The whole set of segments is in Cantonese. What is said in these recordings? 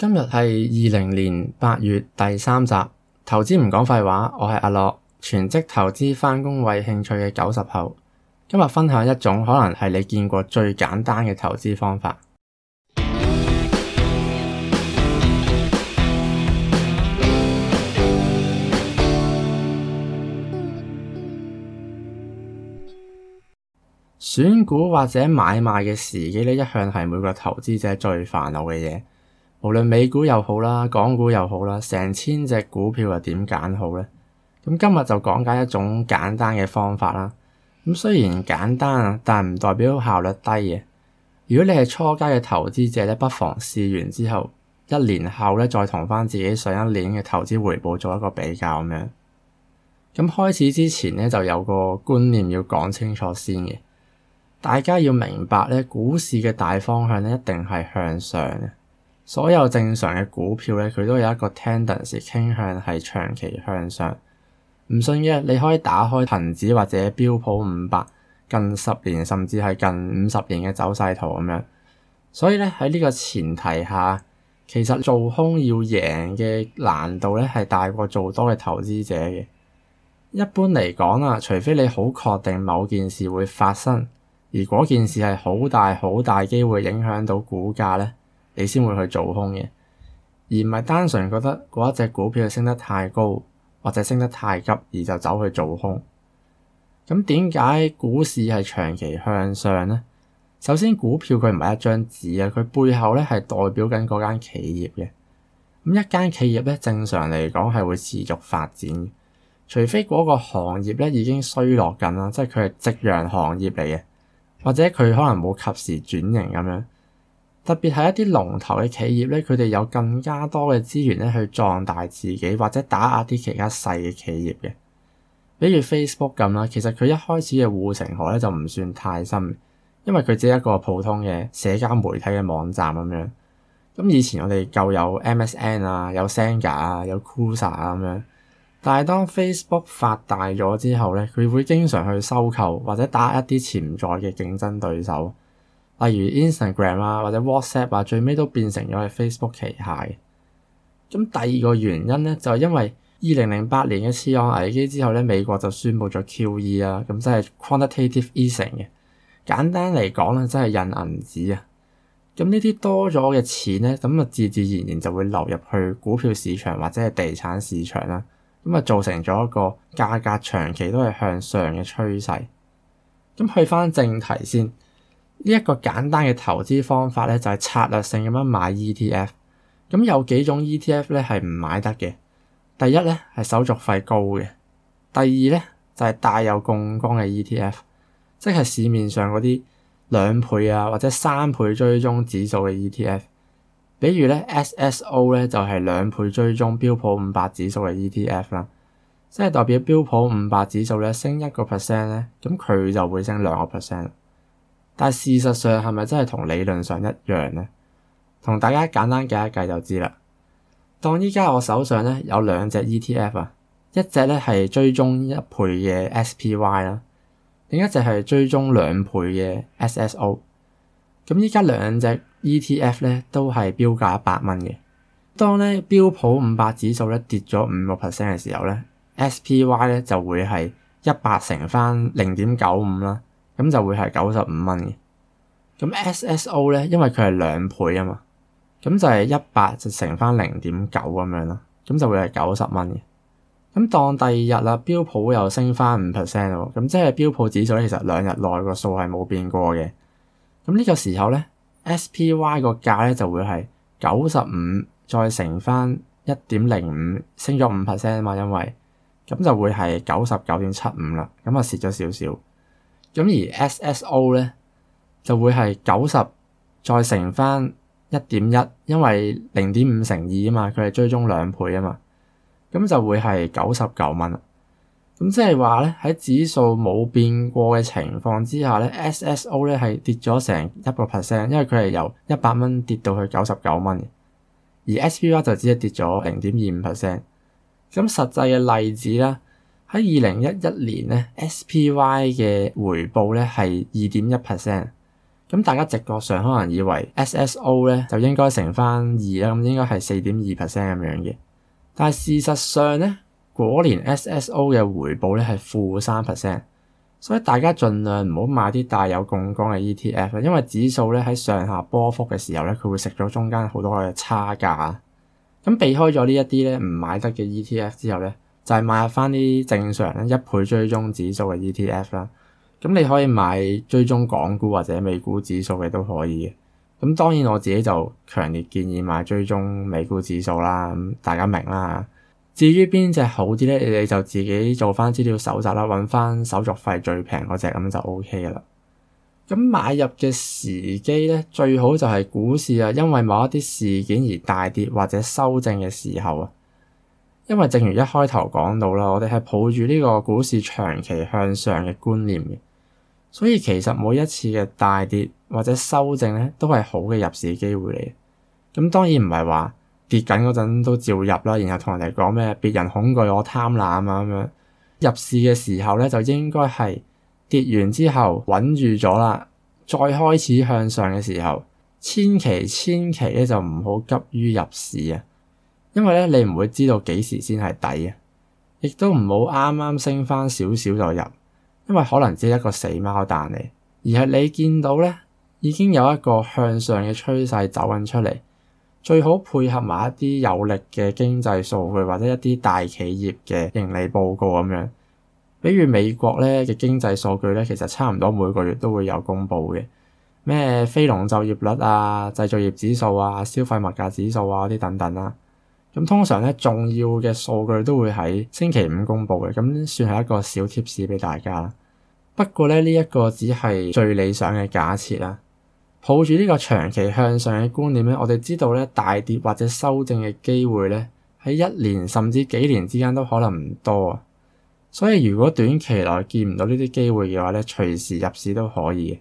今日係二零年八月第三集，投資唔講廢話。我係阿樂，全職投資，返工為興趣嘅九十後。今日分享一種可能係你見過最簡單嘅投資方法。 選股或者買賣嘅時機呢，一向係每個投資者最煩惱嘅嘢。無論美股又好啦，港股又好啦，成千隻股票又點揀好呢？咁今日就講解一種簡單嘅方法啦。咁雖然簡單啊，但唔代表效率低嘅。如果你係初階嘅投資者咧，不妨試完之後，一年後咧再同翻自己上一年嘅投資回報做一個比較咁樣。咁開始之前咧就有個觀念要講清楚先嘅，大家要明白咧，股市嘅大方向咧一定係向上嘅。所有正常嘅股票咧，佢都有一個 tendency 傾向係長期向上。唔信嘅，你可以打開恒指或者標普五百近十年甚至係近五十年嘅走勢圖。咁樣所以咧，喺呢個前提下，其實做空要贏嘅難度咧係大過做多嘅投資者嘅。一般嚟講啊，除非你好確定某件事會發生，而嗰件事係好大好大機會影響到股價咧。你先會去做空嘅，而唔係單純覺得嗰一隻股票升得太高或者升得太急而就走去做空。咁點解股市係長期向上呢？首先，股票佢唔係一張紙啊，佢背後咧係代表緊嗰間企業嘅。咁一間企業咧，正常嚟講係會持續發展，除非嗰個行業咧已經衰落緊啦，即係佢係夕陽行業嚟嘅，或者佢可能冇及時轉型咁樣。特別係一啲龍頭嘅企業咧，佢哋有更加多嘅資源咧去壯大自己，或者打壓啲其他細嘅企業嘅。比如 Facebook 咁啦，其實佢一開始嘅護城河咧就唔算太深，因為佢只係一個普通嘅社交媒體嘅網站咁樣。咁以前我哋舊有 MSN 啊，有 Senga 啊，有 Kusa 啊咁樣。但係當 Facebook 發大咗之後咧，佢會經常去收購或者打壓一啲潛在嘅競爭對手。例如 Instagram 啊，或者 WhatsApp 啊，最尾都變成咗係 Facebook 旗下嘅。咁第二個原因呢，就係、是、因為二零零八年嘅次按危機之後呢，美國就宣布咗 QE 啦、啊，咁即係 quantitative easing 嘅、啊。簡單嚟講咧，即係印銀紙啊。咁呢啲多咗嘅錢呢，咁啊，自自然然就會流入去股票市場或者係地產市場啦。咁啊，就造成咗一個價格長期都係向上嘅趨勢。咁去返正題先。呢一個簡單嘅投資方法咧，就係策略性咁樣買 ETF。咁有幾種 ETF 咧係唔買得嘅。第一咧係手續費高嘅。第二咧就係帶有槓桿嘅 ETF，即係市面上嗰啲兩倍啊或者三倍追蹤指數嘅 ETF。比如咧 SSO 咧就係兩倍追蹤標普五百指數嘅 ETF 啦，即係代表標普五百指數咧升一個 percent 咧，咁佢就會升兩個 percent。但事實上係咪真係同理論上一樣呢？同大家簡單計一計就知啦。當依家我手上咧有兩隻 ETF 啊，一隻咧係追蹤一倍嘅 SPY 啦，另一隻係追蹤兩倍嘅 SSO。咁依家兩隻 ETF 咧都係標價一百蚊嘅。當咧標普五百指數咧跌咗五個 percent 嘅時候咧，SPY 咧就會係一百乘翻零點九五啦。咁就會係九十五蚊嘅。咁 SSO 咧，因為佢係兩倍啊嘛，咁就係一百就乘翻零點九咁樣啦。咁就會係九十蚊嘅。咁當第二日啦，標普又升翻五 percent 喎。咁即係標普指數其實兩日內個數係冇變過嘅。咁呢個時候咧，SPY 個價咧就會係九十五再乘翻一點零五，升咗五 percent 啊嘛，因為咁就會係九十九點七五啦。咁啊，蝕咗少少。咁而 S S O 咧就會係九十再乘翻一點一，因為零點五乘二啊嘛，佢係追蹤兩倍啊嘛，咁就會係九十九蚊啦。咁即係話咧喺指數冇變過嘅情況之下咧，S S O 咧係跌咗成一個 percent，因為佢係由一百蚊跌到去九十九蚊，而 SPY 就只係跌咗零點二五 percent。咁實際嘅例子咧。喺二零一一年咧，SPY 嘅回報咧係二點一 percent，咁大家直覺上可能以為 SSO 咧就應該乘翻二啦，咁應該係四點二 percent 咁樣嘅。但係事實上咧，嗰年 SSO 嘅回報咧係負三 percent，所以大家盡量唔好買啲帶有槓桿嘅 ETF，因為指數咧喺上下波幅嘅時候咧，佢會食咗中間好多嘅差價。咁避開咗呢一啲咧唔買得嘅 ETF 之後咧。就係買翻啲正常一倍追蹤指數嘅 ETF 啦，咁你可以買追蹤港股或者美股指數嘅都可以嘅。咁當然我自己就強烈建議買追蹤美股指數啦，咁大家明啦。至於邊隻好啲呢？你就自己做翻資料搜集啦，揾翻手續費最平嗰隻，咁就 OK 啦。咁買入嘅時機呢，最好就係股市啊，因為某一啲事件而大跌或者修正嘅時候啊。因為正如一開頭講到啦，我哋係抱住呢個股市長期向上嘅觀念嘅，所以其實每一次嘅大跌或者修正咧，都係好嘅入市機會嚟。咁當然唔係話跌緊嗰陣都照入啦，然後同人哋講咩？別人恐懼我貪婪啊咁樣。入市嘅時候咧，就應該係跌完之後穩住咗啦，再開始向上嘅時候，千祈千祈咧就唔好急於入市啊！因為咧，你唔會知道幾時先係底啊，亦都唔好啱啱升翻少少就入，因為可能只係一個死貓彈嚟，而係你見到咧已經有一個向上嘅趨勢走緊出嚟，最好配合埋一啲有力嘅經濟數據或者一啲大企業嘅盈利報告咁樣。比如美國咧嘅經濟數據咧，其實差唔多每個月都會有公布嘅，咩非農就業率啊、製造業指數啊、消費物價指數啊嗰啲等等啦、啊。咁通常咧，重要嘅數據都會喺星期五公布嘅，咁算係一個小 t 士 p 俾大家。不過咧，呢一個只係最理想嘅假設啦。抱住呢個長期向上嘅觀念咧，我哋知道咧，大跌或者修正嘅機會咧，喺一年甚至幾年之間都可能唔多。所以如果短期內見唔到呢啲機會嘅話咧，隨時入市都可以。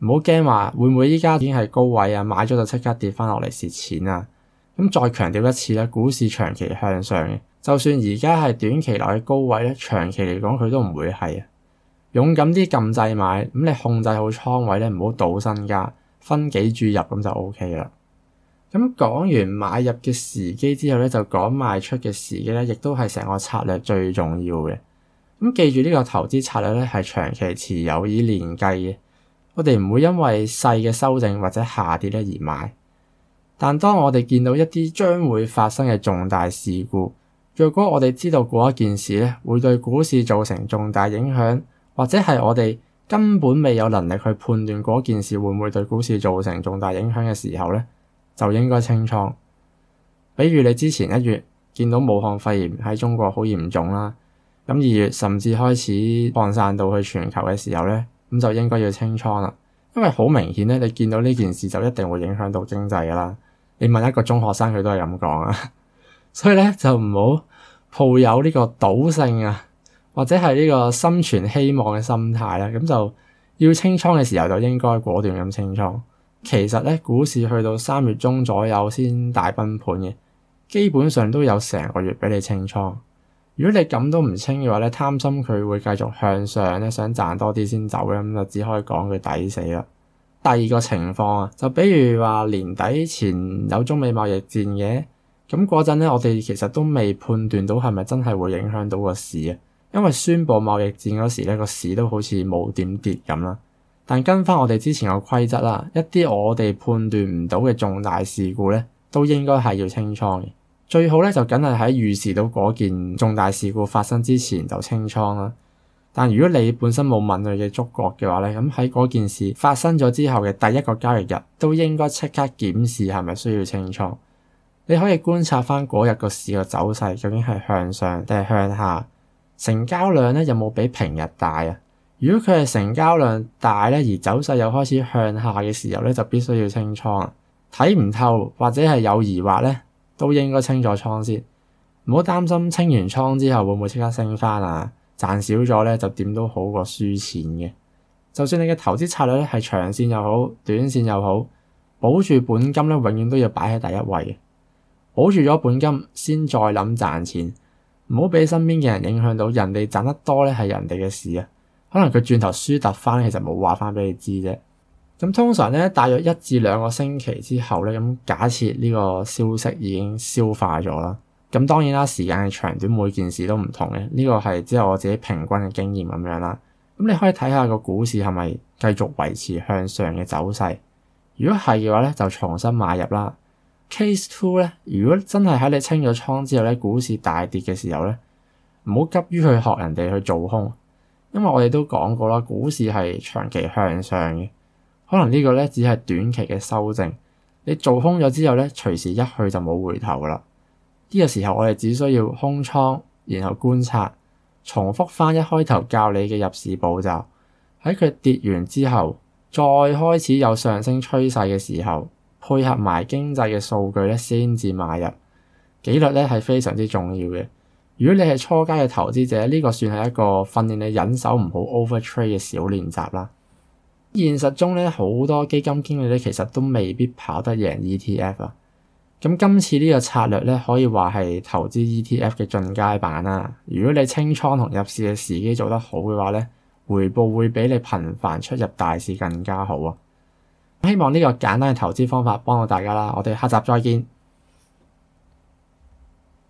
唔好驚話會唔會依家已經係高位啊，買咗就即刻跌翻落嚟蝕錢啊！咁再強調一次咧，股市長期向上嘅，就算而家係短期內嘅高位咧，長期嚟講佢都唔會係啊。勇敢啲，撳掣買咁，你控制好倉位咧，唔好賭身家，分幾注入咁就 O K 啦。咁講完買入嘅時機之後咧，就講賣出嘅時機咧，亦都係成個策略最重要嘅。咁記住呢個投資策略咧，係長期持有以年計嘅，我哋唔會因為細嘅修正或者下跌咧而買。但當我哋見到一啲將會發生嘅重大事故，若果我哋知道嗰一件事咧，會對股市造成重大影響，或者係我哋根本未有能力去判斷嗰件事會唔會對股市造成重大影響嘅時候咧，就應該清倉。比如你之前一月見到武漢肺炎喺中國好嚴重啦，咁二月甚至開始擴散到去全球嘅時候咧，咁就應該要清倉啦，因為好明顯咧，你見到呢件事就一定會影響到經濟㗎啦。你問一個中學生佢都係咁講啊， 所以咧就唔好抱有呢個賭性啊，或者係呢個心存希望嘅心態咧啊，咁就要清倉嘅時候就應該果斷咁清倉。其實咧，股市去到三月中左右先大崩盤嘅，基本上都有成個月俾你清倉。如果你咁都唔清嘅話咧，貪心佢會繼續向上咧，想賺多啲先走咧，咁就只可以講佢抵死啦。第二個情況啊，就比如話年底前有中美貿易戰嘅，咁嗰陣咧，我哋其實都未判斷到係咪真係會影響到個市啊，因為宣佈貿易戰嗰時咧，個市都好似冇點跌咁啦。但跟翻我哋之前個規則啦，一啲我哋判斷唔到嘅重大事故咧，都應該係要清倉嘅。最好咧就梗係喺預示到嗰件重大事故發生之前就清倉啦。但如果你本身冇敏銳嘅觸覺嘅話咧，咁喺嗰件事發生咗之後嘅第一個交易日，都應該即刻檢視係咪需要清倉。你可以觀察翻嗰日個市嘅走勢究竟係向上定係向下，成交量咧有冇比平日大啊？如果佢係成交量大咧，而走勢又開始向下嘅時候咧，就必須要清倉。睇唔透或者係有疑惑咧，都應該清咗倉先。唔好擔心清完倉之後會唔會即刻升翻啊！賺少咗咧，就點都好過輸錢嘅。就算你嘅投資策略咧係長線又好，短線又好，保住本金咧永遠都要擺喺第一位嘅。保住咗本金先再諗賺錢，唔好俾身邊嘅人影響到。人哋賺得多咧係人哋嘅事啊，可能佢轉頭輸突翻，其實冇話翻俾你知啫。咁通常咧，大約一至兩個星期之後咧，咁假設呢個消息已經消化咗啦。咁當然啦，時間嘅長短，每件事都唔同嘅。呢個係之後我自己平均嘅經驗咁樣啦。咁你可以睇下個股市係咪繼續維持向上嘅走勢。如果係嘅話咧，就重新買入啦。Case two 咧，如果真係喺你清咗倉之後咧，股市大跌嘅時候咧，唔好急於去學人哋去做空，因為我哋都講過啦，股市係長期向上嘅，可能呢個咧只係短期嘅修正。你做空咗之後咧，隨時一去就冇回頭噶啦。呢個時候，我哋只需要空倉，然後觀察，重複翻一開頭教你嘅入市步驟。喺佢跌完之後，再開始有上升趨勢嘅時候，配合埋經濟嘅數據咧，先至買入。紀律咧係非常之重要嘅。如果你係初階嘅投資者，呢個算係一個訓練你忍手唔好 overtrade 嘅小練習啦。現實中咧，好多基金經理咧，其實都未必跑得贏 ETF 啊。咁今次呢個策略咧，可以話係投資 ETF 嘅進階版啦。如果你清倉同入市嘅時機做得好嘅話咧，回報會比你頻繁出入大市更加好啊！希望呢個簡單嘅投資方法幫到大家啦。我哋下集再見。